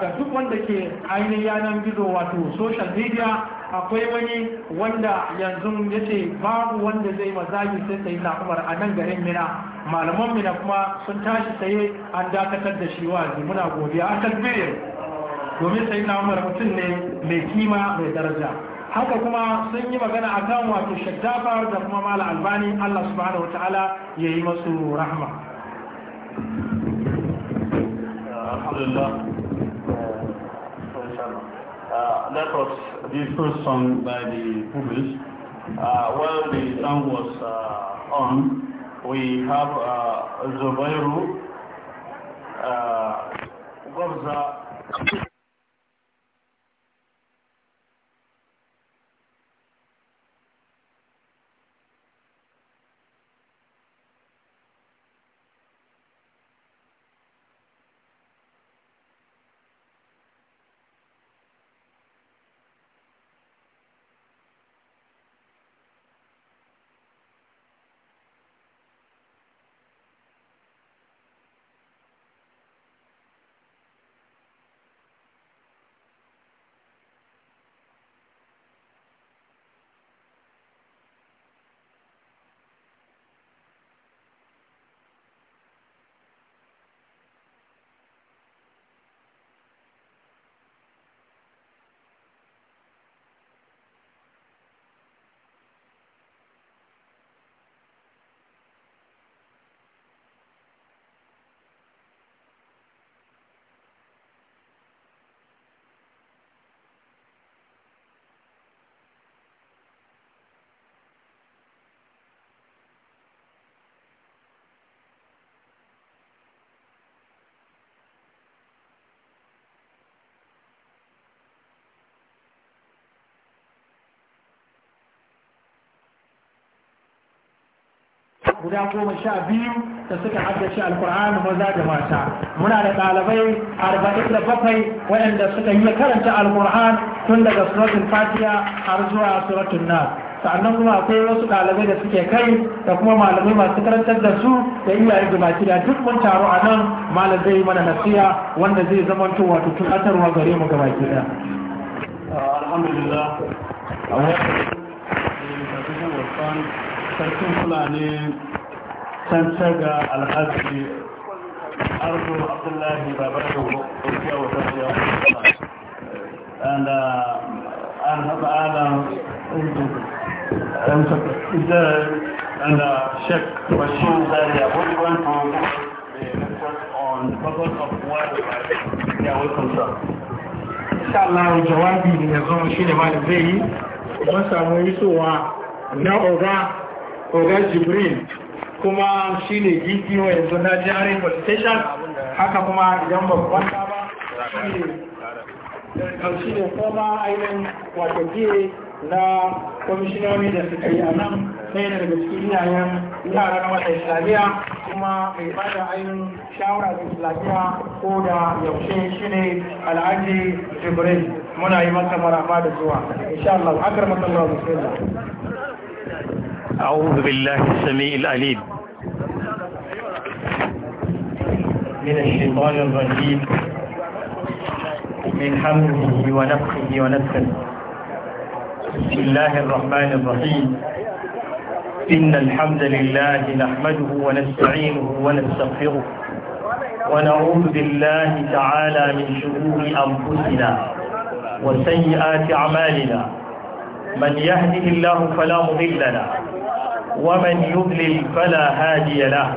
ga duk wanda ke ainihin yanar gizo wato social media akwai wani wanda yanzu ya ce babu wanda zai mazaji sai sai na a nan garin mina malaman mina kuma sun tashi saye an dakatar da shi wa muna godiya a talbirin domin sai na umar mutum ne mai kima mai daraja haka kuma sun yi magana a kan wato shaddafar da kuma mala albani allah subhanahu wa ta'ala ya yi masu rahma. alhamdulillah uh, that the first song by the Publish. Uh, while the song was uh, on, we have uh, Zubairu, uh, Gobza, guda goma sha biyu da suka haddace alkur'ani maza da mata muna da ɗalibai arba'in da bakwai waɗanda suka yi karanta alkur'an tun daga suratun Fatiya har zuwa suratun nas sannan kuma akwai wasu ɗalibai da suke kai da kuma malamai masu karantar da su da iyaye da baki da duk mun taro a nan malam zai mana nasiya wanda zai zama to wato tunatarwa gare mu ga baki da alhamdulillah a wasu sarkin fulani تنسجى ga أرجو عبد الله بابته وفيا وفيا أنا أنا and إذا أنا شك machine that they are going to uh, on the purpose of why they are welcome to. Inshallah jawabi da shi yi na Oga, Oga Jibril, kuma shi ne dpo yanzu na jarin haka kuma idan babban ba shi ne koma ainihin wato jiye na kwamishinoni da suka yi a nan sai daga cikin iyayen yara na wata islamiyya kuma mai bada ainihin shawara da islamiyya ko da yaushe shi ne alhaji jibril muna yi masa marama da zuwa insha Allah akar masallar musulma أعوذ بالله السميع العليم من الشيطان الرجيم من حمده ونفخه ونفخه بسم الله الرحمن الرحيم إن الحمد لله نحمده ونستعينه ونستغفره ونعوذ بالله تعالى من شرور أنفسنا وسيئات أعمالنا من يهده الله فلا مضل له ومن يضلل فلا هادي له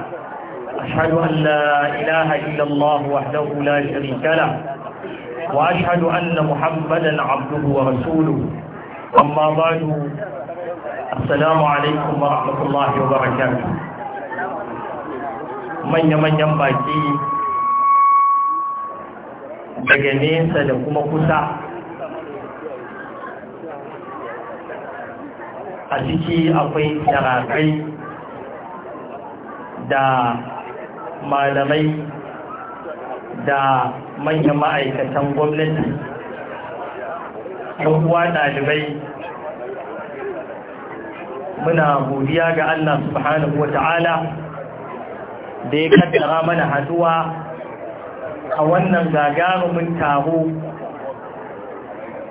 وأشهد أن لا إله إلا الله وحده لا شريك له وأشهد أن محمدا عبده ورسوله أما بعد السلام عليكم ورحمة الله وبركاته من يمن ينباكي daga nesa da kuma kusa a ciki akwai tarakai da malamai da manyan ma'aikatan gwamnati yan uwa ɗalibai muna godiya ga Allah subhanahu wa da ya kaddara mana haduwa a wannan gagarumin taro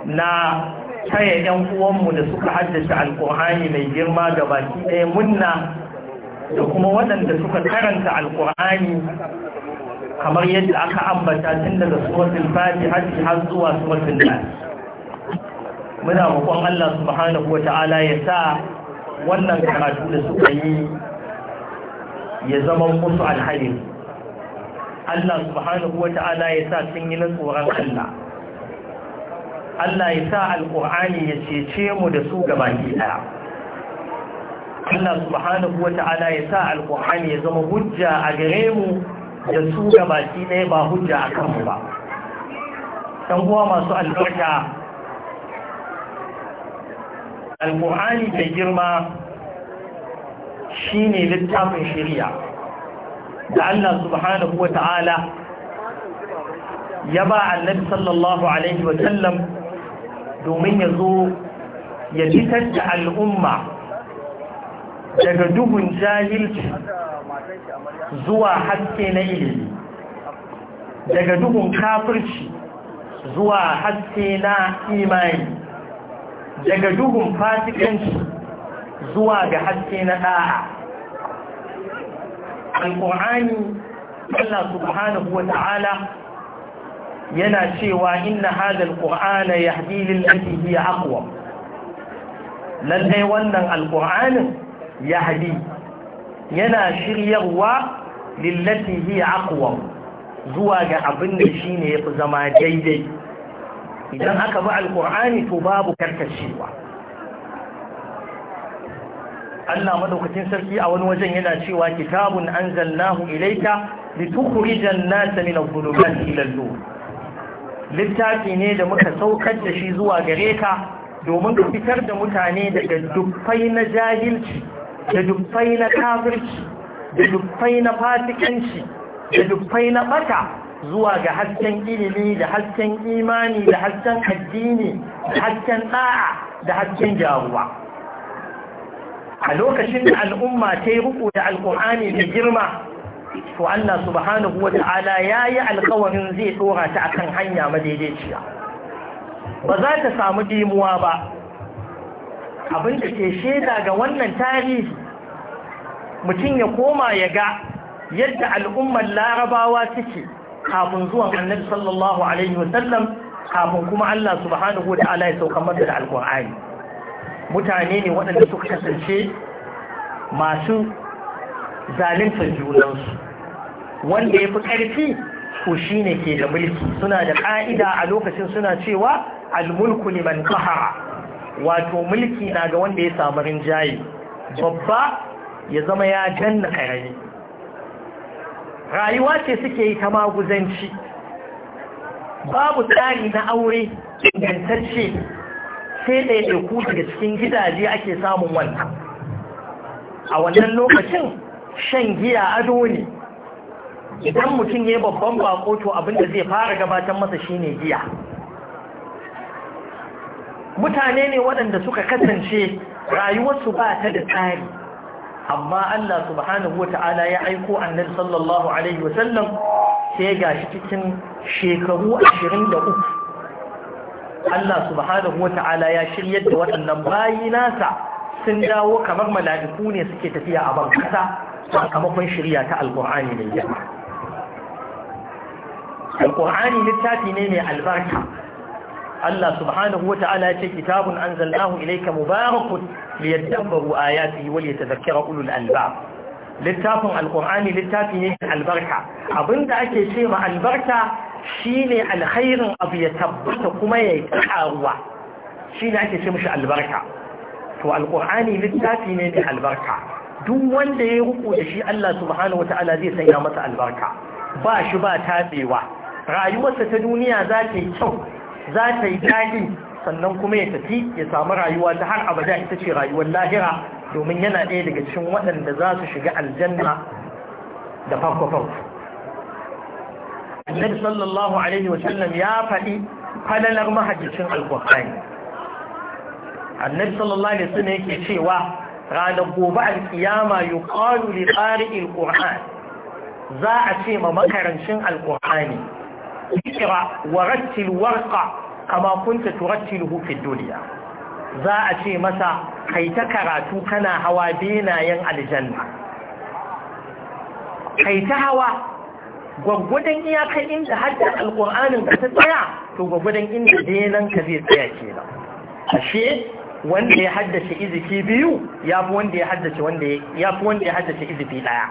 na taya 'yan uwanmu da suka haddace alkur'ani mai girma ga baki ɗaya munna da kuma waɗanda suka karanta alƙur'ani kamar yadda aka ambata tun daga suwatul hajji har zuwa suwatin nas muna roƙon Allah subhanahu wata'ala ya sa wannan karatu da suka yi ya zama musu alhali Allah subhanahu wata'ala ya sa sun yi na tsoron Allah Allah ya sa alƙur'ani ya cece mu da su gabaki ɗaya Allah subhanahu wa ta'ala ya sa alƙur'ani ya zama hujja a gare mu da su ga ɗaya ba hujja a kanmu ba ɗan kuwa masu albarka alƙur'ani da girma shi ne littafin shirya da Allah subhanahu wa ta'ala ya ba annabi sallallahu alaihi wa sallam domin ya zo ya fitar da al'umma daga duhun jahilci zuwa haske na ilimi daga duhun kafirci zuwa haske na imani daga duhun fasikanci zuwa ga haske na da'a alƙur'ani Allah subhanahu wa ta'ala yana cewa inna hada alƙur'ana ya hadilin lati ya aqwa lallai wannan alƙur'anin yahdi yana shiryarwa lillati hiya aqwa zuwa ga abin da shine yafi zama daidai idan aka bi alqur'ani to babu karkashewa Allah madaukakin sarki a wani wajen yana cewa kitabun anzalnahu ilayka litukhrijan nasa min adh-dhulumati ila littafi ne da muka saukar da shi zuwa gare ka domin ka fitar da mutane daga dubbai na jahilci da dubbai na kafirci da dubbai na fatikanci, da dubbai na ɓata zuwa ga hasken ilimi da hasken imani da hasken addini da hasken da'a da hasken jaruwa a lokacin da al'umma ta yi ruku da alkur'ani da girma to Allah subhanahu wa ta'ala ya yi alkawarin zai dora ta akan hanya madaidaiciya ba za ta samu dimuwa ba abin da ke shaida ga wannan tarihi mutum ya koma ya ga yadda al'ummar larabawa suke kafin zuwan annabi sallallahu alaihi wasallam kafin kuma Allah subhanahu wa ta'ala ya sauka masa da alkur'ani mutane ne waɗanda suka kasance masu zaluntar junansu wanda ya fi ƙarfi ko shi ne ke da mulki suna da ƙa'ida a lokacin suna cewa ne man kahara wato mulki na ga wanda ya samu rinjaye babba ya zama ya janna karami rayuwa ce suke yi ta maguzanci babu tsari na aure ingantacce sai ku daga cikin gidaje ake samun wannan a wannan lokacin shan giya ado ne idan mutum ya yi babban bako to abinda zai fara gabatar masa shine giya mutane ne waɗanda suka kasance rayuwarsu ba ta da tsari amma Allah subhanahu wata'ala ya aiko annabi sallallahu alaihi wasallam sai gashi cikin shekaru 23 Allah subhanahu wata'ala ya shiryar da waɗannan bayi nasa sun dawo kamar mala'iku ne suke tafiya a ban kasa sakamakon shirya ta alkur'ani ne ya alkur'ani littafi ne mai albarka Allah subhanahu wa ta'ala ya ce kitabun anzalnahu ilayka mubarakun liyadabbaru ayatihi ya liyatadhakkara ulul alba? littafin alqur'ani littafi ne albarka abinda ake ce ma albarka shine alkhairin abu ya tabbata kuma ya Shi ne ake ce albarka to alqur'ani littafi ne da albarka duk wanda ya ruku da shi Allah subhanahu wa ta'ala zai sanya masa albarka ba shi ba tasewa. rayuwarsa ta duniya za ta yi kyau za ta yi daɗi sannan kuma ya tafi ya samu rayuwa ta har abada ita ce rayuwar lahira domin yana ɗaya daga cikin waɗanda za su shiga aljanna da farko-farko annabi sallallahu alaihi wa sallam ya faɗi falalar mahajjicin qurani annabi sallallahu alaihi wa ya yake cewa ranar gobe alkiyama yi ƙalu li ƙari'il ƙur'an za a ce ma makarancin alƙur'ani ikira wa rattil warqa kama kunta turattiluhu fi dunya za a ce masa kai ta karatu kana hawa benayen aljanna kai ta hawa iya iyakar inda hadda alƙur'anin ka ta tsaya to gwaggudan inda denan ka zai tsaya ke nan. ashe wanda ya haddace izifi biyu ya fi wanda ya haddace wanda ya fi wanda ya haddace izifi ɗaya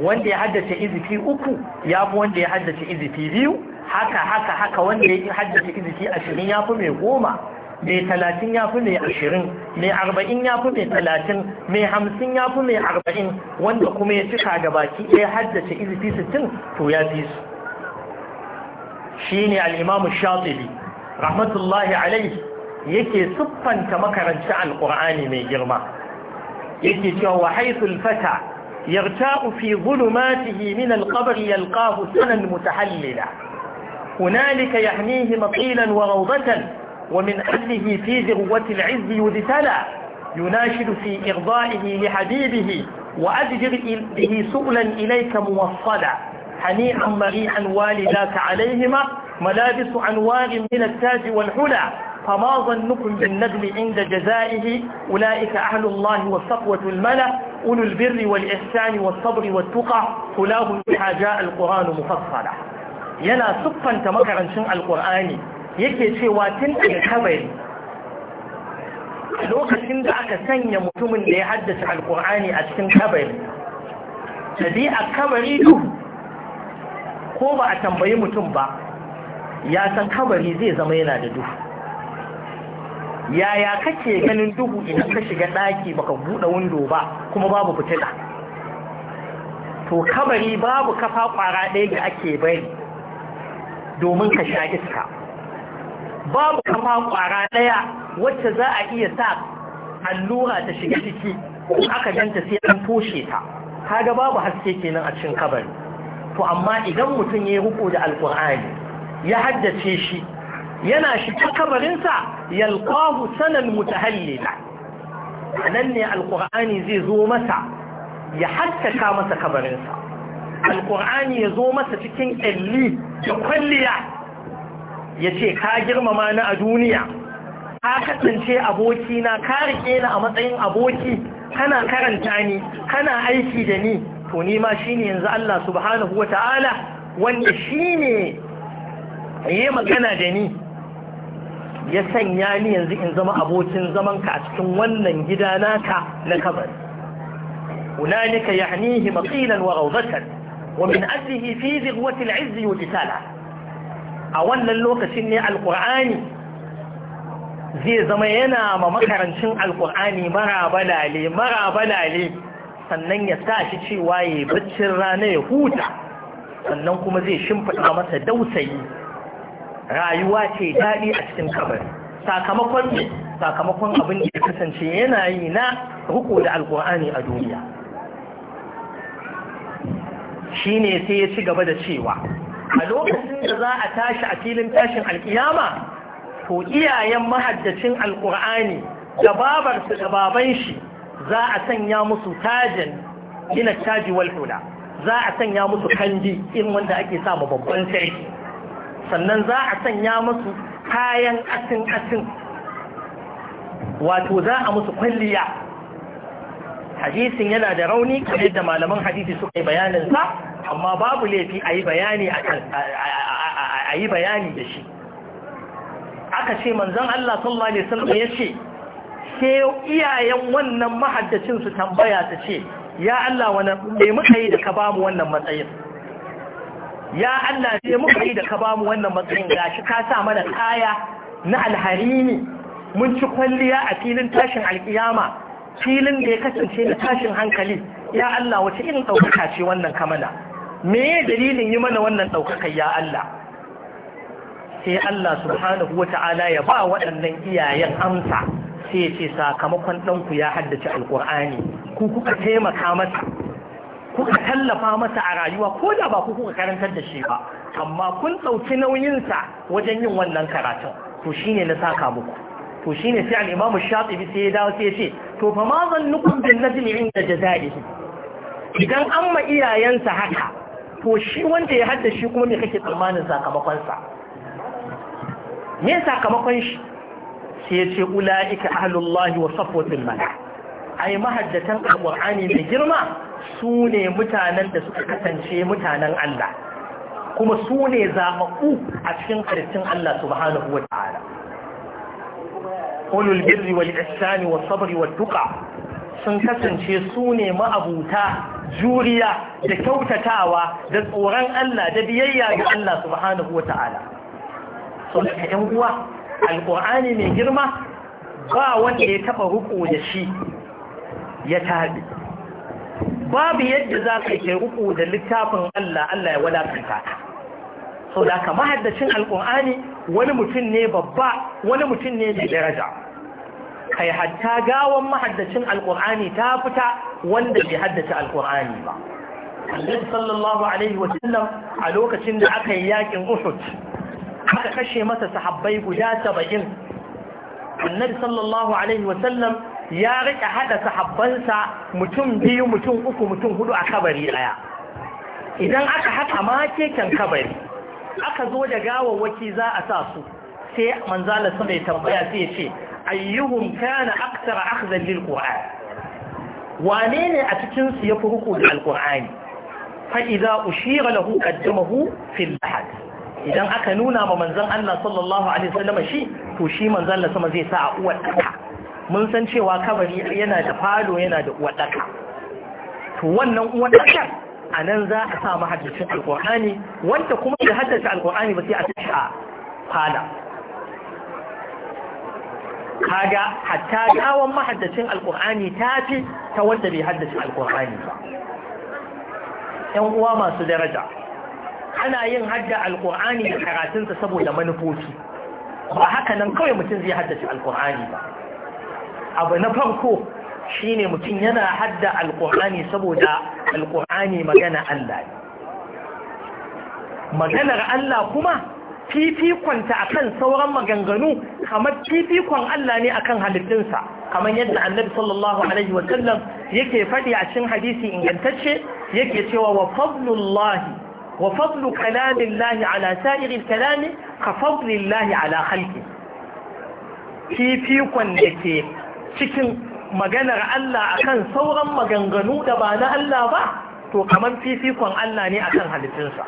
wanda ya haddace izifi uku ya fi wanda ya haddace izifi biyu haka haka haka wanda ya haddace izifi ashirin ya fi mai goma mai talatin ya fi mai ashirin mai arba'in ya fi mai talatin mai hamsin ya fi mai arba'in wanda kuma ya cika da baki ɗaya haddace izifi sittin to ya fi su shi ne al'imamu shatibi rahmatullahi alaihi yake siffanta makaranci alƙur'ani mai girma yake cewa wa haithul fata yarta'u fi zulumatihi min alqabr yalqahu sanan mutahallila هنالك يحميه مطيلا وروضة ومن أهله في ذروة العز يذتلى يناشد في إرضائه لحبيبه وأدجر به سؤلا إليك موصلا حنيئا مريئا والداك عليهما ملابس أنوار من التاج والحلى فما ظنكم بالندم عند جزائه أولئك أهل الله والصفوة الملا أولو البر والإحسان والصبر والتقى كلاهم بها جاء القرآن مفصلا yana siffanta makarancin alkur'ani yake cewa tun daga kabari lokacin da aka sanya mutumin da ya haddace alkur'ani a cikin kabari da a kabari duk ko ba a tambayi mutum ba ya san kabari zai zama yana da duhu yaya kake ganin duhu idan ka shiga ɗaki baka buɗe windo ba kuma babu fitila to kabari babu kafa ƙwara ɗaya da ake bari domin ka sha iska babu kama kwara daya wacce za a iya sa allura ta shiga ciki aka danta sai an toshe ta kaga babu haske kenan a cikin kabari to amma idan mutum ya ruko da alkur'ani ya haddace shi yana shiga kabarinsa yalqahu sanal mutahallila nan ne alkur'ani zai zo masa ya haskaka masa kabarinsa alƙur'ani ya zo masa cikin ƙyalli da kwalliya ya ce ka girmama ni a duniya ka kasance abokina ka riƙe ni a matsayin aboki kana karanta ni kana aiki da ni to ni ma shine yanzu Allah subhanahu wa ta'ala wanda shine yayi magana da ni ya sanya ni yanzu in zama abokin zamanka a cikin wannan gida naka na kabari hunalika yahnihi maqilan wa rawdatan ومن أجله في ذروة العز والإسالة أولا لوك سنة القرآن زي زمينا ما مكرن شن القرآن مرا بلالي مرا بلالي sannan ya sa shi cewa ya baccin rana ya huta sannan kuma zai shimfiɗa masa dausayi rayuwa ce daɗi a cikin kabari sakamakon sakamakon abin da ya kasance yana yi na riko da alkur'ani a duniya shine sai ya ci gaba da cewa a lokacin da za a tashi a filin tashin alkiyama to iyayen mahaddacin alkur'ani da babarsu da baban shi za a sanya musu tajin gina caji wal za a sanya musu kandi in wanda ake samu babban sarki sannan za a sanya musu kayan asin asin wato za a musu kwalliya hadisin yana da rauni kamar yadda malaman hadisi suka yi bayanin sa amma babu laifi a yi bayani a yi bayani da shi aka ce manzon Allah sallallahu alaihi wasallam ya ce sai iyayen wannan mahaddacin su tambaya ta ce ya Allah wani me muka yi da ka bamu wannan matsayin ya Allah me muka yi da ka bamu wannan matsayin gashi ka sa mana kaya na alharini mun ci kwalliya a filin tashin alkiyama filin da ya kasance da tashin hankali ya Allah wace irin ɗaukaka ce wannan kamana me dalilin yi mana wannan ɗaukaka ya Allah sai Allah subhanahu wa ta'ala ya ba waɗannan iyayen amsa sai ya ce sakamakon ɗanku ya haddace alƙur'ani ku kuka taimaka masa kuka tallafa masa a rayuwa ko da ba ku kuka karantar da shi ba amma kun ɗauki nauyinsa wajen yin wannan karatun to shine na saka muku to shine sai al-imamu shatibi sai ya dawo sai ya ce to fa ma nukun bin najmi inda jazaihi idan an ma iyayensa haka to shi wanda ya hadda shi kuma me kake tsammanin sakamakon me sakamakon shi sai ya ce ulaika ahlullahi wa safwatul malak ai mahaddatan alqur'ani mai girma su ne mutanen da suka kasance mutanen Allah kuma su ne zaɓaɓɓu a cikin ƙarshen Allah subhanahu wa ta'ala ulul birri wal ihsani was sabri wat tuqa sun kasance su ne ma'abuta juriya da kyautatawa da tsoron Allah da biyayya ga Allah subhanahu wata'ala so da ƴan uwa alqur'ani mai girma ba wanda ya taba ruko da shi ya tabi babu yadda za ka kai ruko da littafin Allah Allah ya wadakanta sau da ka mahaddacin alƙur'ani wani mutum ne babba wani mutum ne mai daraja kai hatta gawan mahaddacin alkur'ani ta fita wanda bai haddace alkur'ani ba annabi sallallahu alaihi wa sallam a lokacin da aka yi yakin uhud aka kashe masa sahabbai guda 70 annabi sallallahu alaihi wa sallam ya rika hada sahabbansa mutum biyu mutum uku mutum hudu a kabari daya idan aka haka ma keken kabari aka zo da gawawwaki za a sa su sai manzala sama ya tambaya sai ya ce ayyuhum kana aktsara akhdhan lil qur'an wane ne a cikin su yafi ruku da alqur'ani fa idza ushira lahu qaddamahu fil lahad idan aka nuna ma manzon Allah sallallahu alaihi wasallam shi to shi manzon sama zai sa a uwar daka mun san cewa kabari yana da falo yana da uwar daka to wannan uwar daka a nan za a sa mahaddacin alkur'ani wanda kuma da haddace alkur'ani ba sai a tashi a falo. kaga hatta gawan mahaddacin alkur'ani ta ce ta wanda bai haddace alkur'ani ba yan uwa masu daraja ana yin hadda alkur'ani da karatunsa saboda manufofi ba haka nan kawai mutum zai haddace alkur'ani ba abu na farko shine mutum yana hadda alkur'ani saboda alkur'ani magana Allah ne. maganar Allah kuma fifikonta akan sauran maganganu kamar fifikon Allah ne akan halittunsa kamar yadda annabi sallallahu alaihi yake faɗi a cikin hadisi ingantacce yake cewa wa fadlullahi wa fadlu kalamillahi ala sa'iril kalami ka fadlillahi ala khalqi fifikon da ke cikin maganar Allah akan sauran maganganu da ba na Allah ba to kamar fifikon Allah ne akan halittunsa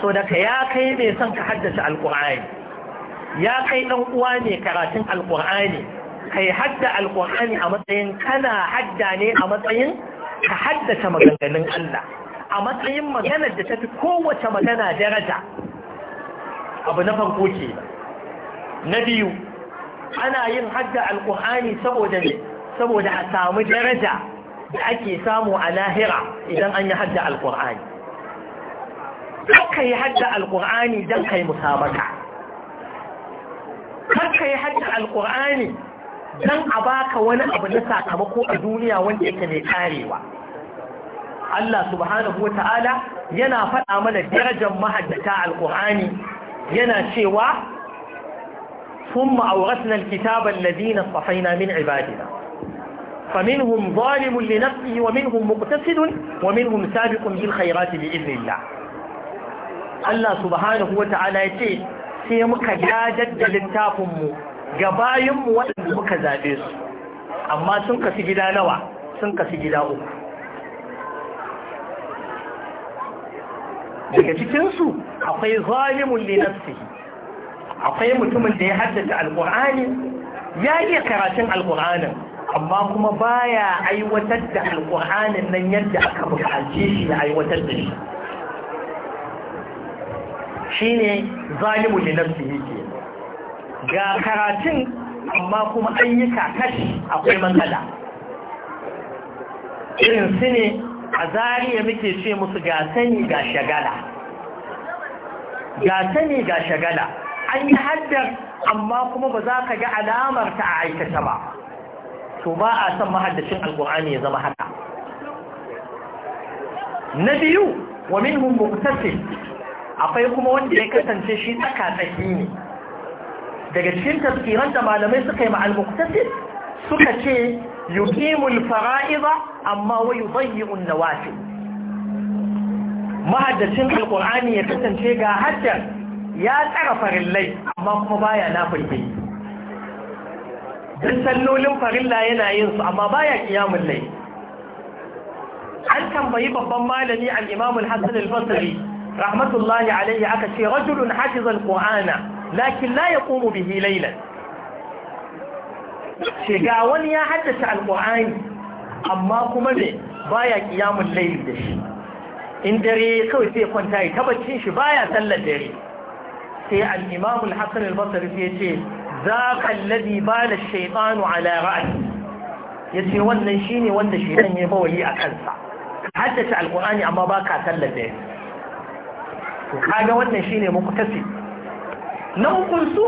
so daga ya kai mai son ka haddasa alƙur'ani ya kai ɗan uwa mai karatun alƙur'ani kai hadda alƙur'ani a matsayin kana hadda ne a matsayin ka haddasa maganganun Allah a matsayin maganar da tafi kowace magana daraja abu na farko ke na biyu ana yin hadda alƙur'ani saboda ne saboda a samu daraja da ake samu a lahira idan an yi hadda alƙur'ani kakka yi hadda alƙur'ani don kai musabaka kakka yi hadda alƙur'ani don a baka wani abu na sakamako a duniya wanda yake mai karewa Allah subhanahu wa ta'ala yana faɗa mana darajar mahaddata alƙur'ani yana cewa ثم أورثنا الكتاب الذين اصطفينا من عبادنا فمنهم ظالم لنفسه ومنهم مقتصد ومنهم سابق بالخيرات بإذن الله Allah subhanahu wa ta'ala ya ce sai muka gadar littafinmu ga bayanmu waɗanda muka zaɓe su amma sun kasu gida nawa sun kasu gida uku daga cikinsu akwai zalimun linafsi akwai mutumin da ya haddata alƙur'ani ya iya karatun alƙur'anin amma kuma baya aiwatar da alƙur'anin nan yadda aka buƙace shi ya aiwatar da shi shine zalimu ne nafsihi yake ga karatun amma kuma ayyuka kashi akwai matsala irin su ne a zariya muke ce musu ga sani ga shagala ga sani ga shagala an yi haddar amma kuma ba za ka ga alamar ta a aikata ba to ba a san mahaddacin alkur'ani ya zama haka na biyu wa minhum muqtasid akwai kuma wanda ya kasance shi tsaki ne daga cikin tafsiran da malamai suka yi ma'al suka ce yuqimul fara'iza amma wa yudayyi'un nawafil mahaddacin alqur'ani ya kasance ga hajjar ya tsara farillai amma kuma baya nafilbi duk sallolin farilla yana yin su amma baya qiyamul layl an tambayi babban malami al-imam al-hasan al-basri rahmatullahi alaihi aka ce rajulun hafizal qur'ana lakin la yaqumu bihi laylan ce ga wani ya haddace alqur'ani amma kuma ne baya ƙiyamun layl da shi in dare kawai sai kwanta ya tabbacin shi baya sallar dare sai al-imam al-hasan sai yace zaka bada bala ash-shaytanu ala wannan shine wanda shaytan ya bawali a kansa haddace alqur'ani amma baka sallar dare kaga wannan shine muqtasi na ukun su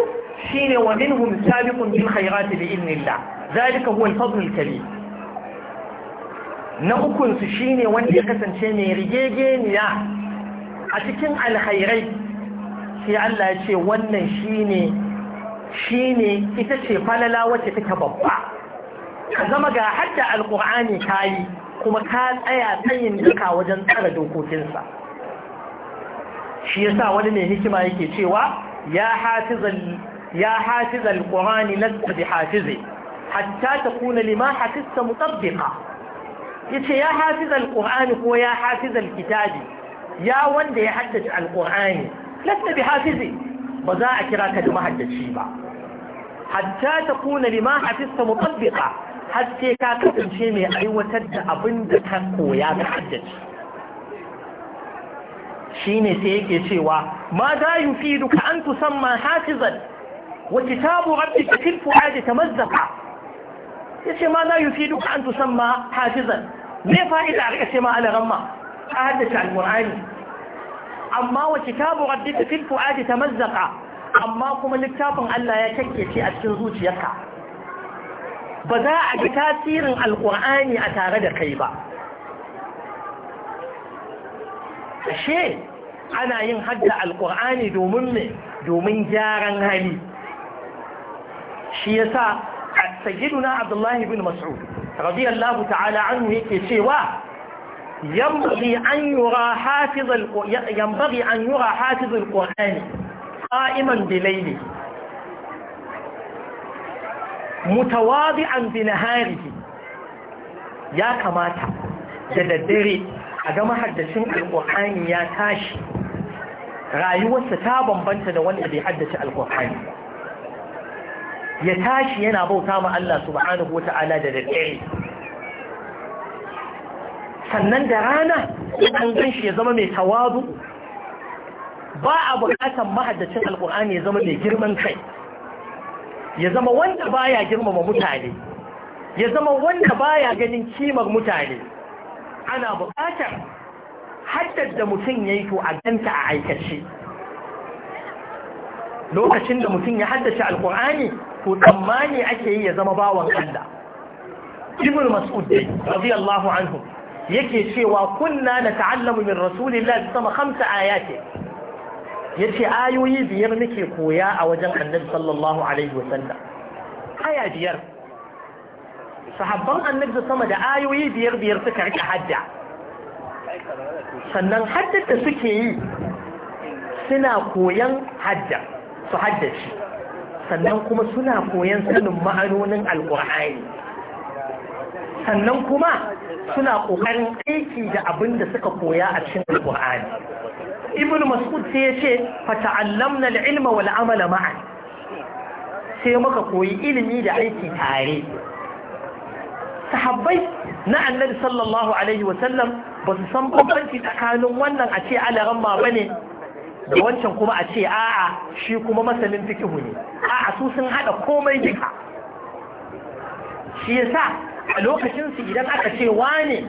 shine wa minhum sabiqun bil khairati bi idnillah zalika huwa al-fadl al-kabir na ukun su shine wanda ya kasance mai rigegeniya a cikin alkhairai sai Allah ya ce wannan shine shine ita ce falala wacce take babba ka zama ga hadda alkur'ani kayi kuma ka tsaya tsayin duka wajen tsara dokokinsa shi yasa wani mai hikima yake cewa ya hafizal ya qur'ani lasta bi hafize hatta takuna lima hafizta mutabbiqa yace ya hafizal qur'ani ko ya hafizal kitabi ya wanda ya haddace alqur'ani lasta bi hafize ba za a kira ka da mahaddaci ba hatta takuna lima hafizta mutabbiqa har sai ka kasance mai aiwatar da abin da ka koya ka haddace shine sai yake cewa ma da duka an tusamma hafizan wa kitabu rabbika fil fuadi Ya ce ma da duka an tusamma hafizan me fa'ida a rika ce ma alaramma a haddace alqur'ani amma wa kitabu rabbika fil fuadi tamazzaqa amma kuma littafin Allah ya ce a cikin zuciyarka ba za a ga tasirin alqur'ani a tare da kai ba ashe ana yin hadda alƙur'ani domin me domin gyaran hali shi yasa na abdullahi bin mas'ud radiyallahu ta'ala anhu yake cewa yambari an yura حافظ ينبغي أن يرى حافظ القرآن قائما بليله متواضعا da daddare a ga mahaddashin alƙur'ani ya tashi rayuwarsa ta bambanta da wanda bai haddace alkur'ani ya tashi yana bauta ma Allah subhanahu wata'ala da daddare sannan da rana an ganshi shi ya zama mai tawazu ba a bukatan mahaddacin alkur'ani ya zama mai girman kai ya zama wanda baya girmama mutane ya zama wanda baya ganin kimar mutane ana bukatar haddar da mutum ya yi to a ganta a aikace lokacin da mutum ya haddace alkur'ani to tsammani ake yi ya zama bawan Allah ibn mas'ud dai radiyallahu anhu yake cewa kunna nata'allamu min rasulillah sama khamsa ayati yace ayoyi biyar nake koya a wajen annabi sallallahu alaihi wa sallam. aya biyar sahabban annabi sama da ayoyi biyar biyar suka rika hadda sannan haddar suke yi suna koyan hajja su haddaci sannan kuma suna koyan sanin ma'anonin alkur'ani sannan kuma suna ƙoƙarin aiki da abin da suka koya a cikin alkur'ani ibn mas'ud sai ya ce fata'allamna al-ilma wal amala ma'an sai muka koyi ilimi da aiki tare sahabbai na annabi sallallahu alaihi wasallam ba su san bambanci tsakanin wannan a ce alaran ba ne. da wancan kuma a ce a'a shi kuma masanin fikihu ne a'a su sun hada komai duka shi yasa a lokacin su idan aka ce wane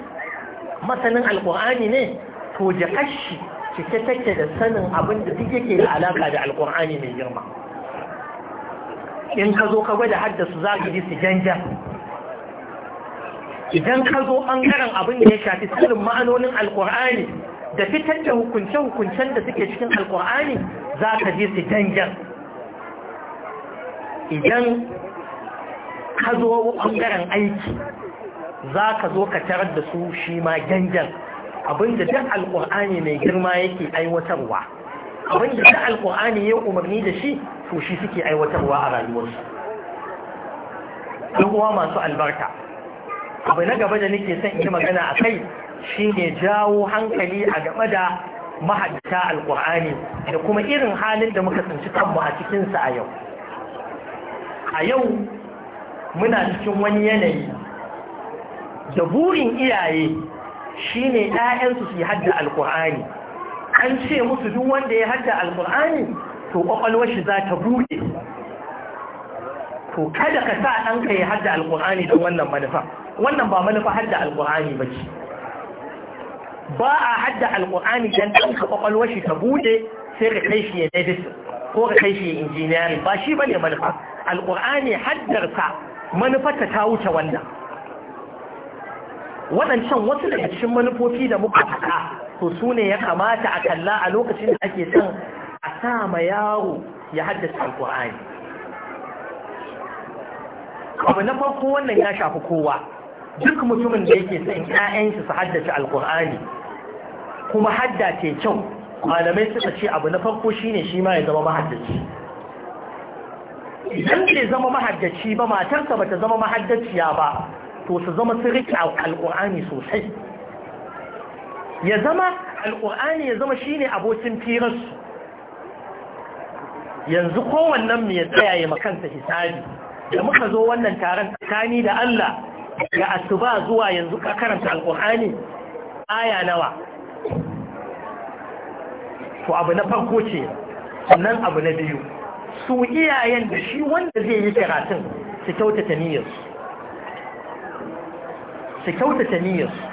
masanin alkur'ani ne to jakashi cike take da sanin abin da duk yake da alaka da alkur'ani mai girma in ka zo ka gwada haddasu za ka ji su janjan idan ka zo ɓangaren abin da ya shafi sirrin ma'anonin alkur'ani da fitar da hukunce-hukuncen da suke cikin alkur'ani za ka je su danjan idan ka zo ɓangaren aiki za ka zo ka tarar da su shi ma danjan abinda duk alkur'ani mai girma yake aiwatarwa abinda duk alkur'ani ya umarni da shi to shi suke aiwatarwa a rayuwarsu ɗan uwa masu albarka abu na gaba da nake son yi magana a kai shine jawo hankali a game da mahaddata alkur'ani da kuma irin halin da muka tsinci kanmu a cikinsa a yau a yau muna cikin wani yanayi da burin iyaye shine 'ya'yansu su yi hadda alkur'ani an ce musu duk wanda ya hadda alkur'ani to ƙwaƙwalwashi shi za ta buɗe kada ka sa ɗanka ya hadda alƙur'ani don wannan manufa wannan ba manufa hadda alƙur'ani ba ce ba a hadda alƙur'ani don ɗanka ƙwaƙwalwar shi ta buɗe sai ka kai shi ya medicine ko ka kai shi ya injiniyari ba shi ba ne manufa alƙur'ani haddarsa manufarta ta wuce wannan waɗancan wasu daga cikin manufofi da muka faɗa to su ne ya kamata a kalla a lokacin da ake son a sa ma yaro ya haddasa alƙur'ani abu na farko wannan ya shafi kowa duk mutumin da yake son ƴaƴansu su haddace alkur'ani kuma haddace kyau malamai suka ce abu na farko shine shi ma ya zama mahaddaci idan bai zama mahaddaci ba matarsa bata zama mahaddaciya ba to su zama su rike alkur'ani sosai ya zama alkur'ani ya zama shine abokin firarsu yanzu kowannen mu ya tsaya ya makansa hisabi da muka zo wannan taron tsakani da Allah ga asuba zuwa yanzu ka karanta alkur'ani aya nawa to abu na farko ce sannan abu na biyu su iyayen da shi wanda zai yi karatun su kyautata niyyarsu su kyautata niyyarsu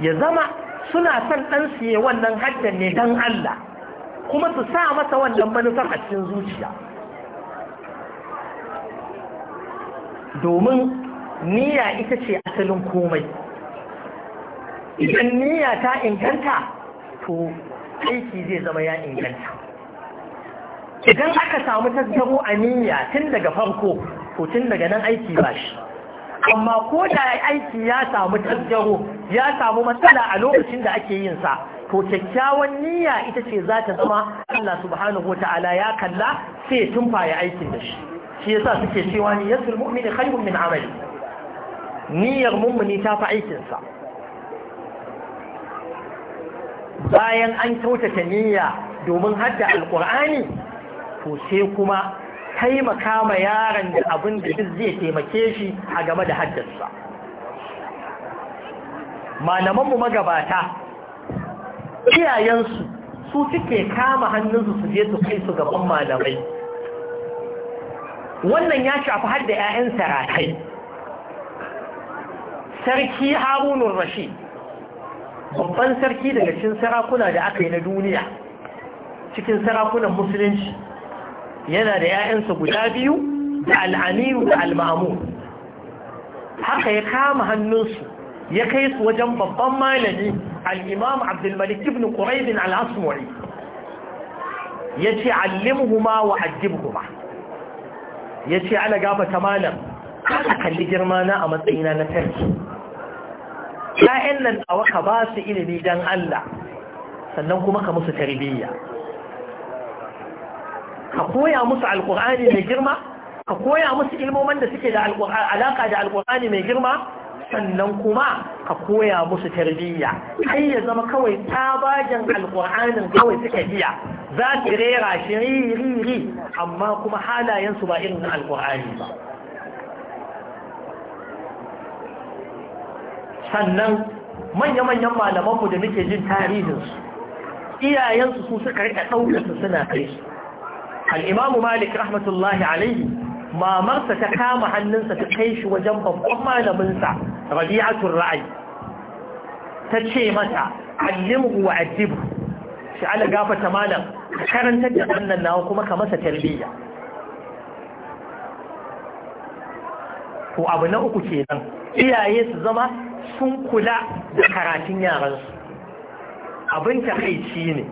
ya zama suna son ɗan siye wannan hajjar ne don Allah kuma su sa masa wannan manufar a cikin zuciya domin niyya ita ce asalin komai idan niyya ta inganta to aiki zai zama ya inganta idan aka samu tattaro a niyya tun daga farko to tun daga nan aiki ba shi amma ko da aiki ya samu tattaro, ya samu matsala a lokacin da ake yin sa to kyakkyawan niyya ita ce za ta zama Allah subhanahu wa ta'ala ya kalla sai ya tumfa ya aikin da shi shi yasa suke cewa ni yasul mu'mini khairun min amali niyyar mu'mini ta fi aikinsa bayan an kyautata niyya domin hadda alkur'ani to sai kuma kai ma yaron da abin da duk zai taimake shi a game da haddarsa malamanmu magabata iyayensu su suke kama hannunsu su je su kai su gaban malamai wannan ya shafi har da 'ya'yan sarakai sarki harunun Rashe, babban sarki daga cikin sarakuna da aka yi na duniya cikin sarakunan musulunci yana da 'ya'yansa guda biyu da al'amiru da al'amu haka ya kama hannunsu ya kai su wajen babban malami al'imam abdulmalik ibn ƙuraibin al'asmuri ya ce allimhuma wa addibhuma ya ce ala gafa ta malam aka kalli girma na a matsayina na sarki ya'yan nan a waka ba su ilimi don Allah sannan kuma ka musu tarbiyya ka koya musu alkur'ani mai girma ka koya musu ilmomin da suke da alaƙa da alkur'ani mai girma sannan kuma ka koya musu tarbiyya Ai ya zama kawai tabajen alƙur'anin kawai suka biya za su rera shi riri amma kuma halayensu ba irin na alƙur'ani ba sannan manya-manyan malamanmu da muke jin tarihinsu iyayensu su suka rika ɗaukar suna kai su imamu malik rahmatullahi alaihi mamarsa ta kama hannunsa ta kai shi wajen babban malaminsa rabi'atul ra'ayi ta ce mata allimhu wa addibu shi ala ta malam karantar da wannan nawa kuma ka masa tarbiyya to abu na uku kenan iyaye su zama sun kula da karatun yaransu abin takaici ne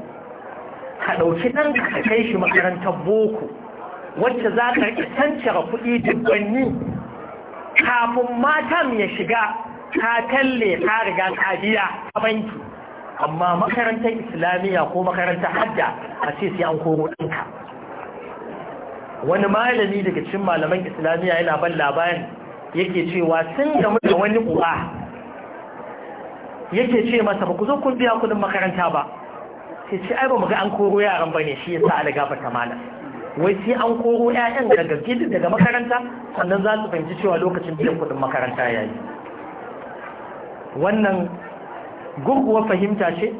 ka ɗauki ɗanka ka kai shi makarantar boko wacce za ta rike cancara kuɗi dubbanni kafin matan ya shiga ka talle ta riga ka biya a banki amma makarantar islamiyya ko makarantar hadda a ce sai an koro ɗinka wani malami daga cikin malaman islamiyya yana ban labarin yake cewa sun da wani uwa. yake ce masa ba ku zo kun biya kudin makaranta ba sai ce ai ba mu ga an koro yaran ne shi yasa ala ta malam wai sai an koro 'ya'yan daga gidi daga makaranta sannan za su fahimci cewa lokacin biyan kuɗin makaranta ya yi wannan gurguwar fahimta ce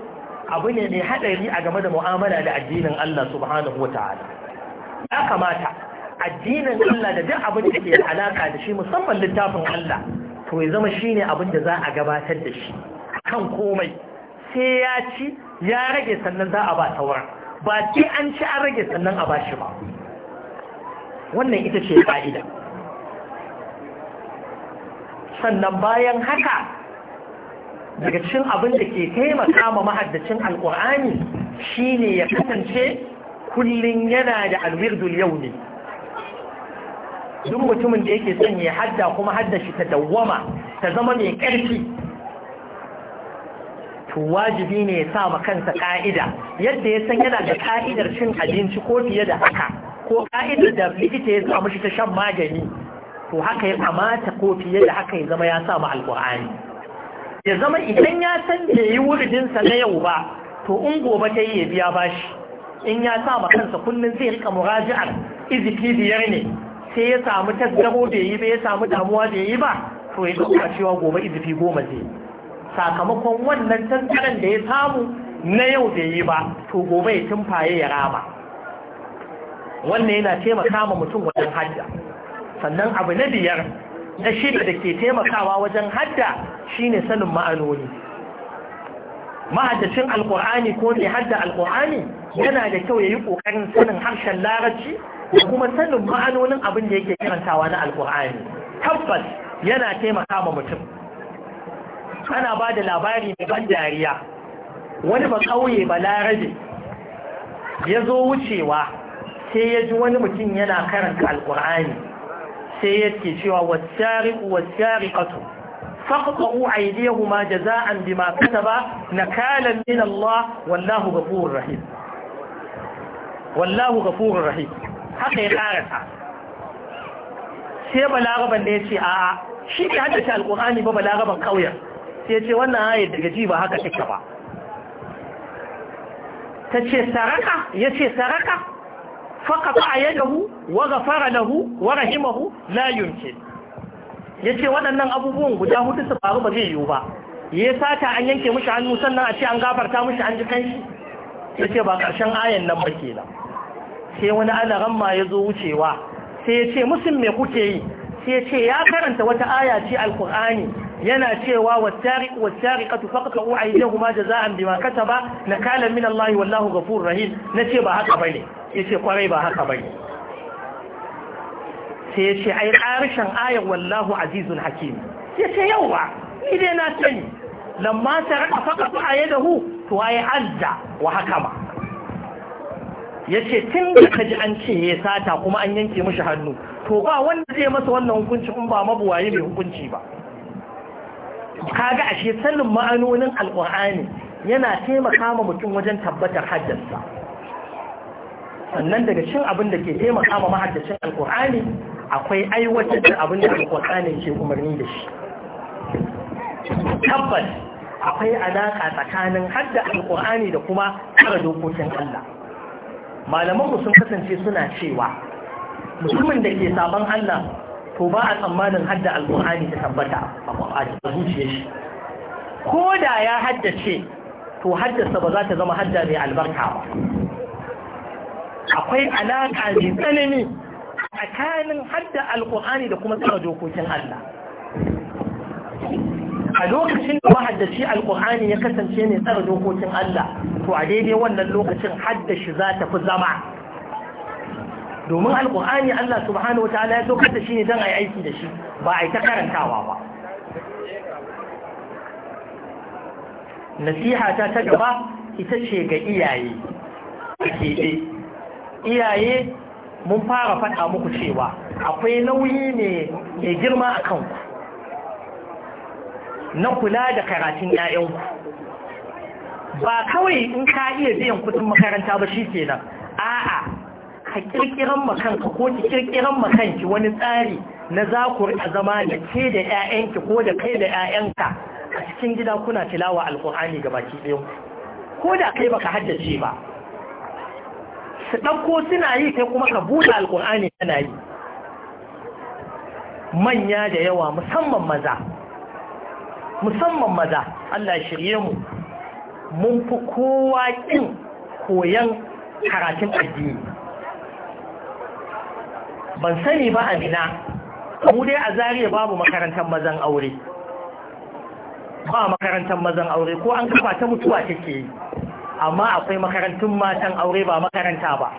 abu ne mai haɗari a game da mu'amala da addinin Allah subhanahu wa ta'ala ya kamata addinin Allah da duk abin da ke da alaka da shi musamman littafin Allah to ya zama shine abin da za a gabatar da shi kan komai sai ya ci ya rage sannan za a ba sauran ba ce an ci an rage sannan a bashi ba wannan ita ce fa'ida. sannan bayan haka daga cikin abin da ke taimaka ma mahaddacin shi shine ya kasance kullum yana da alwirdul yau ne duk mutumin da yake son ya hadda kuma hadda shi ta dawwama ta zama mai ƙarfi to wajibi ne ya sa ma kansa ka'ida yadda ya san yana da ka'idar cin abinci ko fiye da haka ko ka'idar da likita ya sa mashi ta shan magani to haka ya kamata ko fiye da haka ya zama ya sa ma alƙur'ani ya zama idan ya san bai yi sa na yau ba to in gobe ta yi ya biya bashi in ya sa ma kansa kullun zai rika muraji'ar izifi biyar ne sai ya samu tasgaro bai yi ba ya samu damuwa bai yi ba to ya dauka cewa gobe izifi goma zai yi sakamakon wannan tantaran da ya samu na yau da yi ba to gobe ya tumfaye ya rama wannan yana taimaka ma mutum wajen hadda sannan abu na biyar na shida da ke taimakawa wajen hadda shine sanin ma'anoni mahaddacin alkur'ani ko mai hadda alkur'ani yana da kyau ya yi ƙoƙarin sanin harshen larabci da kuma sanin ma'anonin abin da yake karantawa na alkur'ani tabbas yana taimaka ma mutum ana ba da labari mai ban dariya wani ba kauye ba larabe ya zo wucewa sai ya ji wani mutum yana karanta alkur'ani sai ya ke cewa wasariku wasariqatu faqtu aydihuma jaza'an bima kasaba nakalan min Allah wallahu ghafurur rahim wallahu ghafurur rahim haka ya karata. sai balaraban da ya ce a'a shi ne haddace alkur'ani ba balaraban kauyen sai ce wannan ayar daga ji ba haka take ba ta ce saraka ya ce saraka faƙafa a hu, wa gafara hu wa hu? Na yunke. ya ce waɗannan abubuwan guda hudu su faru ba zai yiwu ba ya sata an yanke mishi hannu sannan a ce an gafarta mushi an ji kanshi ya ce ba ƙarshen ayan nan ba ke nan. sai wani alaran ma ya zo wucewa sai ya ce musun me kuke yi sai ya ce ya karanta wata aya ce alkur'ani yana cewa wattariqatu faqta'u aydahuma jazaa'an ba na nakalan min Allah wallahu gafur rahim ce ba haka bane yace kwarai ba haka bane sai a yi karshen ayar wallahu azizun hakim yace yawa ni dai na sani lamma taraqa faqta'u aydahu to ai azza wa hakama yace tun da kaji an ce ya sata kuma an yanke mashi hannu to ba wanda zai masa wannan hukunci in ba mabuwaye mai hukunci ba kaga ashe sanin ma'anonin alƙur'ani yana taimaka ma mutum wajen tabbatar hajjarsa sannan daga cin abin da ke taimaka ma mahaddacin alƙur'ani akwai aiwatar da abin da alƙur'ani ke umarni da shi tabbas akwai alaƙa tsakanin hadda alƙur'ani da kuma tsara dokokin Allah malamanmu sun kasance suna cewa mutumin da ke sabon Allah to ba a tsammanin hadda alƙur'ani ta tabbata a ƙwaƙwaƙi a zuciyar shi ko da ya haddace to haddasa ba za ta zama hadda mai albarka ba akwai alaƙa mai tsanani tsakanin hadda alƙur'ani da kuma tsara dokokin Allah a lokacin da mahaddaci alƙur'ani ya kasance ne tsara dokokin Allah to a daidai wannan lokacin haddashi za ta fi zama domin alƙur'ani Allah subhanahu wataala ya zo da shi ne don a yi aiki da shi ba a yi ta karantawa ba nasiha ta ta gaba ita ce ga iyaye keɗe iyaye mun fara faɗa muku cewa akwai nauyi ne mai girma a kanku na kula da karatun 'ya'yanku ba kawai in ka iya biyan kudin makaranta ba shi ke nan. a'a ka kirkiran makanka ko ki kirkiran makanki wani tsari na za ku zama da ke da 'ya'yanki ko da kai da 'ya'yanka a cikin gida kuna tilawa alkur'ani ga baki ɗaya ko da kai baka haddace ba su ɗauko suna yi kai kuma ka buɗe alkur'ani tana yi manya da yawa musamman maza musamman maza Allah shirye mu mun fi kowa ƙin koyan karatun addini ban sani ba a nina mu dai a zariya babu makarantar mazan aure ba makarantar mazan aure ko an kafa ta mutuwa take yi amma akwai makarantun matan aure ba makaranta ba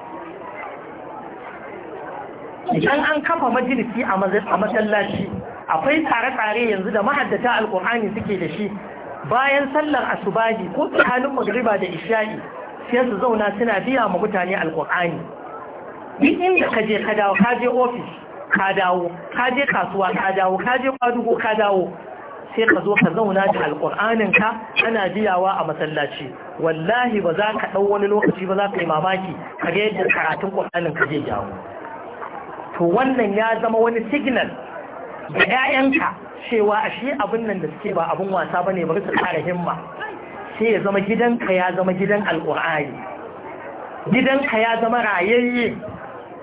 idan an kafa majalisi a masallaci akwai tsare-tsare yanzu da mahaddata alkur'ani suke da shi bayan sallar asubahi ko tsakanin magriba da isha'i sai su zauna suna biya ma mutane alkur'ani duk inda ka je ka dawo ka je ofis ka dawo ka je kasuwa ka dawo ka je kwadugo ka dawo sai ka zo ka zauna da alƙur'aninka ana biyawa a masallaci wallahi ba za ka ɗau wani lokaci ba za ka yi mamaki ka ga yadda karatun ƙur'aninka zai jawo to wannan ya zama wani signal ga 'ya'yanka cewa ashe abin nan da suke ba abin wasa ba ne bari su ƙara himma sai ya zama gidanka ya zama gidan alƙur'ani gidanka ya zama rayayye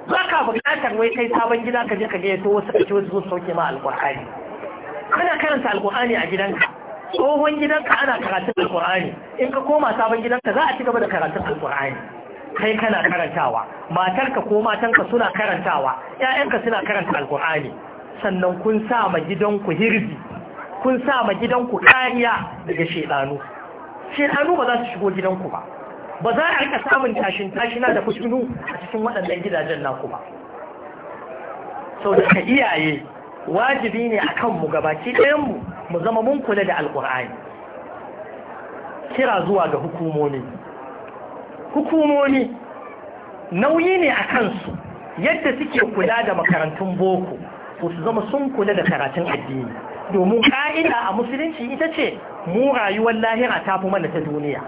Zaka ka buƙatar wai kai sabon gida ka je ka gaya to wasu ake wasu sauke ma alƙur'ani kana karanta alƙur'ani a gidanka tsohon gidanka ana karatun alƙur'ani in ka koma sabon gidanka za a ci gaba da karatun alƙur'ani kai kana karantawa matarka ko matanka suna karantawa 'ya'yanka suna karanta alƙur'ani sannan kun sa ma gidanku hirbi kun sa ma gidanku kariya daga shedanu shedanu ba za su shigo gidanku ba ba za a rika samun tashin tashina da kushinu a cikin waɗannan gidajen naku ba sau da iyaye wajibi ne a kanmu gabaci ɗayanmu mu zama mun kula da alƙur'ani kira zuwa ga hukumomi hukumomi nauyi ne a kansu yadda suke kula da makarantun boko ko su zama sun kula da karatun addini domin ƙa'ida a musulunci ita ce mu rayuwar lahira ta fi mana ta duniya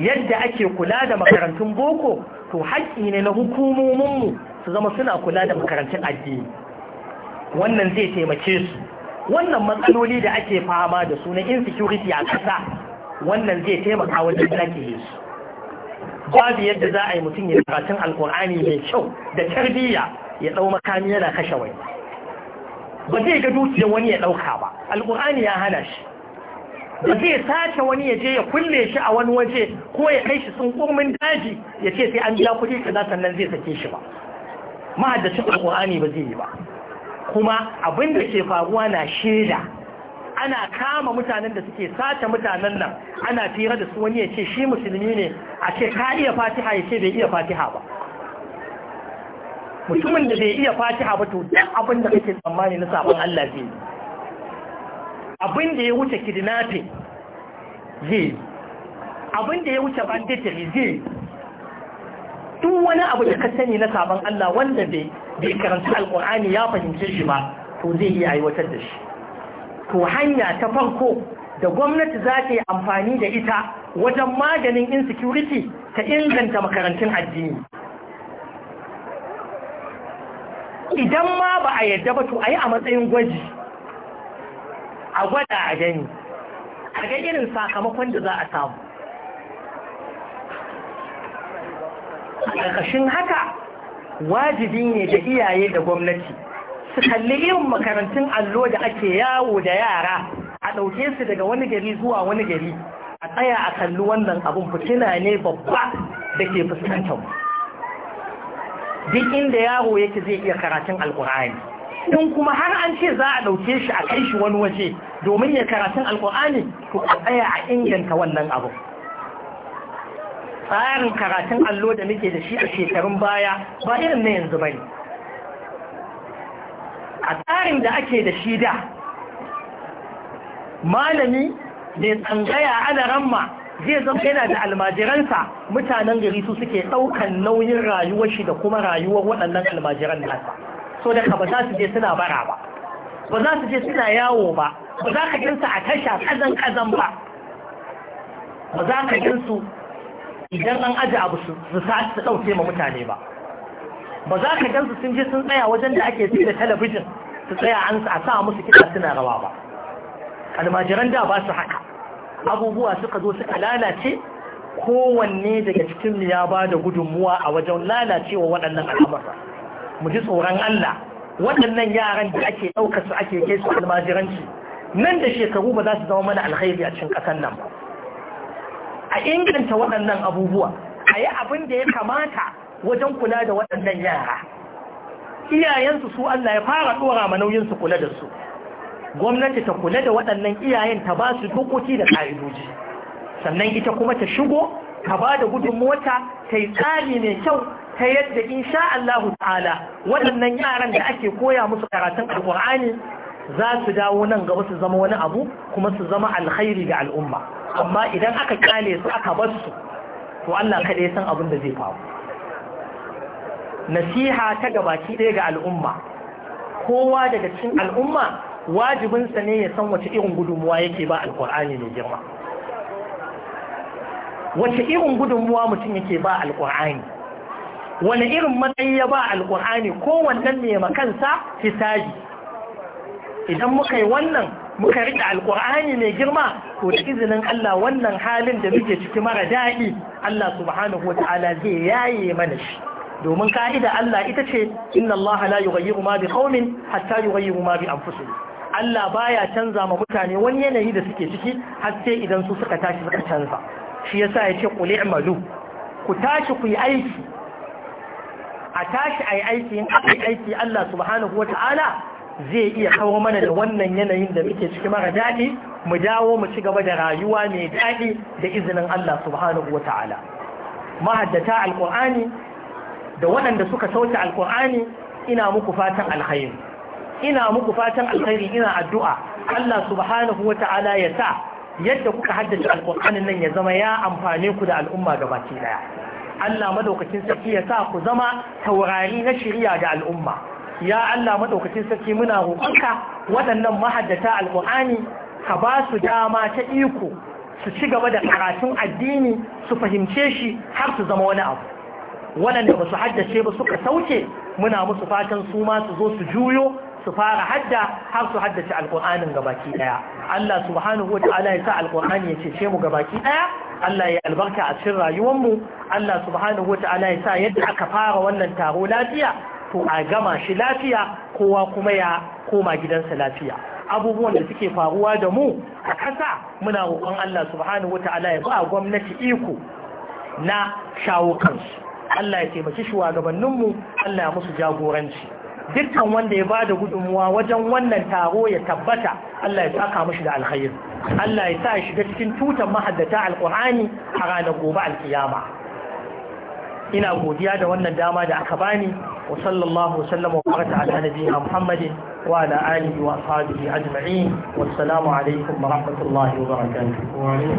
yadda ake kula da makarantun boko to haƙƙi ne na hukumominmu su zama suna kula da makarantun addini wannan zai taimake su wannan matsaloli da ake fama da su na insecurity a ƙasa wannan zai taimaka wajen dakile su babu yadda za a yi mutum ya karatun alkur'ani mai kyau da tarbiyya ya ɗau makami yana kashe wani ba zai ga dukiyar wani ya ɗauka ba alkur'ani ya hana shi ba zai sace wani ya je ya kulle shi a wani waje ko ya kai shi sun kurmin daji ya ce sai an biya kuɗi kaza sannan zai sake shi ba mahaddacin alƙur'ani ba zai yi ba kuma abin da ke faruwa na shaida ana kama mutanen da suke sace mutanen nan ana fira da su wani ya ce shi musulmi ne a ce ka iya fatiha ya ce bai iya fatiha ba mutumin da bai iya fatiha ba to duk abin da kake tsammani na sabon Allah zai yi abin da ya wuce kidnapin zai abin da ya wuce banditiri zai duk wani abu da ka sani na sabon Allah wanda bai karanta alkur'ani ya fahimce shi ba to zai iya aiwatar da shi to hanya ta farko da gwamnati za ta yi amfani da ita wajen maganin insecurity ta inganta makarantun addini idan ma ba a yadda ba to a yi a matsayin gwaji a gwada a gani a ga irin sakamakon da za a samu a ƙarƙashin haka wajibi ne da iyaye da gwamnati su kalli irin makarantun allo da ake yawo da yara a ɗauke su daga wani gari zuwa wani gari a tsaya a kalli wannan abun fitina ne babba da ke fuskantar duk inda yaro yake zai iya karatun alkur'ani in kuma har an ce za a ɗauke shi a kai shi wani waje domin ya karatun alkur'ani to a tsaya a inganta wannan abu tsarin karatun allo da muke da shi a shekarun baya ba irin na yanzu bane a tsarin da ake da shi da malami da tsangaya ana ramma zai zama yana da almajiransa mutanen gari su suke ɗaukan nauyin rayuwar shi da kuma rayuwar waɗannan almajiran nasa so da ba za su je suna bara ba ba za su je suna yawo ba ba za ka gansu a tasha kazan kazan ba ba za ka gansu idan an aji abu su sa su ɗauke ma mutane ba ba za ka gansu sun je sun tsaya wajen da ake sai da talabijin su tsaya an a sa musu kiɗa suna rawa ba almajiran da ba su haka abubuwa suka zo suka lalace kowanne daga cikin ya ba da gudunmuwa a wajen lalacewa waɗannan al'amura mu ji tsoron Allah waɗannan yaran da ake ɗauka su ake kai su almajiranci nan da shekaru ba za su zama mana alkhairi a cikin ƙasar nan ba a inganta waɗannan abubuwa a yi abin da ya kamata wajen kula da waɗannan yara iyayensu su Allah ya fara ɗora ma nauyin su kula da su gwamnati ta kula da waɗannan iyayen ta ba su dokoki da ƙa'idoji sannan ita kuma ta shigo ta ba da gudun mota ta yi tsari mai kyau ta yadda insha Allahu ta'ala waɗannan yaran da ake koya musu karatun alƙur'ani za su dawo nan gaba su zama wani abu kuma su zama alkhairi ga al'umma amma idan aka kale su aka bar su to Allah ka ya san abin da zai faru nasiha ta ki ɗaya ga al'umma kowa daga cikin al'umma wajibinsa ne ya san wace irin gudunmuwa yake ba alƙur'ani mai girma wace irin gudunmuwa mutum yake ba alƙur'ani wani irin matsayi ya ba alkur'ani kowannen mai kansa? hisabi idan muka yi wannan muka rike alkur'ani mai girma to da izinin Allah wannan halin da muke ciki mara daɗi Allah subhanahu wata'ala zai yaye mana shi domin ka'ida Allah ita ce inna Allah la yughayyiru ma bi qaumin hatta yughayyiru ma bi anfusihim Allah baya canza ma mutane wani yanayi da suke ciki har sai idan su suka tashi suka canza shi yasa yace qul i'malu ku tashi ku yi aiki a tashi a yi aiki yi aiki Allah subhanahu wa ta'ala zai iya kawo mana da wannan yanayin da muke ciki mara daɗi mu dawo mu ci gaba da rayuwa mai daɗi da izinin Allah subhanahu wa ta'ala mahaddata alƙur'ani da waɗanda suka sauke alƙur'ani ina muku fatan alkhairi ina muku fatan alkhairi ina addu'a Allah subhanahu wa ta'ala ya sa yadda kuka haddace alƙur'anin nan ya zama ya amfane ku da al'umma gabaki ɗaya Allah madaukakin sarki ya sa ku zama taurari na shirya ga al'umma ya Allah madaukakin sarki muna roƙonka waɗannan mahaddata alƙur'ani ka ba su dama ta iko su ci gaba da karatun addini su fahimce shi har su zama wani abu waɗanda ba su haddace ba suka sauke muna musu fatan su ma su zo su juyo su fara hadda har su haddace alƙur'anin baki ɗaya Allah subhanahu wa ta'ala ya sa alƙur'ani ya cece mu ga baki ɗaya Allah ya albarka a cikin rayuwar mu Allah subhanahu wa ta'ala ya sa yadda aka fara wannan taro lafiya to a gama shi lafiya kowa kuma ya koma gidansa lafiya abubuwan da suke faruwa da mu a ƙasa muna roƙon Allah subhanahu wa ta'ala ya ba gwamnati iko na shawo kansu Allah ya taimaki shugabanninmu Allah ya musu jagoranci dukkan wanda ya bada gudunmuwa wajen wannan taro ya tabbata Allah ya saka mashi da alkhairi Allah ya sa shi shiga cikin tutan mahaddata alqur'ani a ranar gobe alkiyama ina godiya da wannan dama da aka bani wa sallallahu wasallam wa baraka ala nabiyina muhammadin wa ala alihi wa ashabihi ajma'in wassalamu alaikum wa rahmatullahi wa barakatuh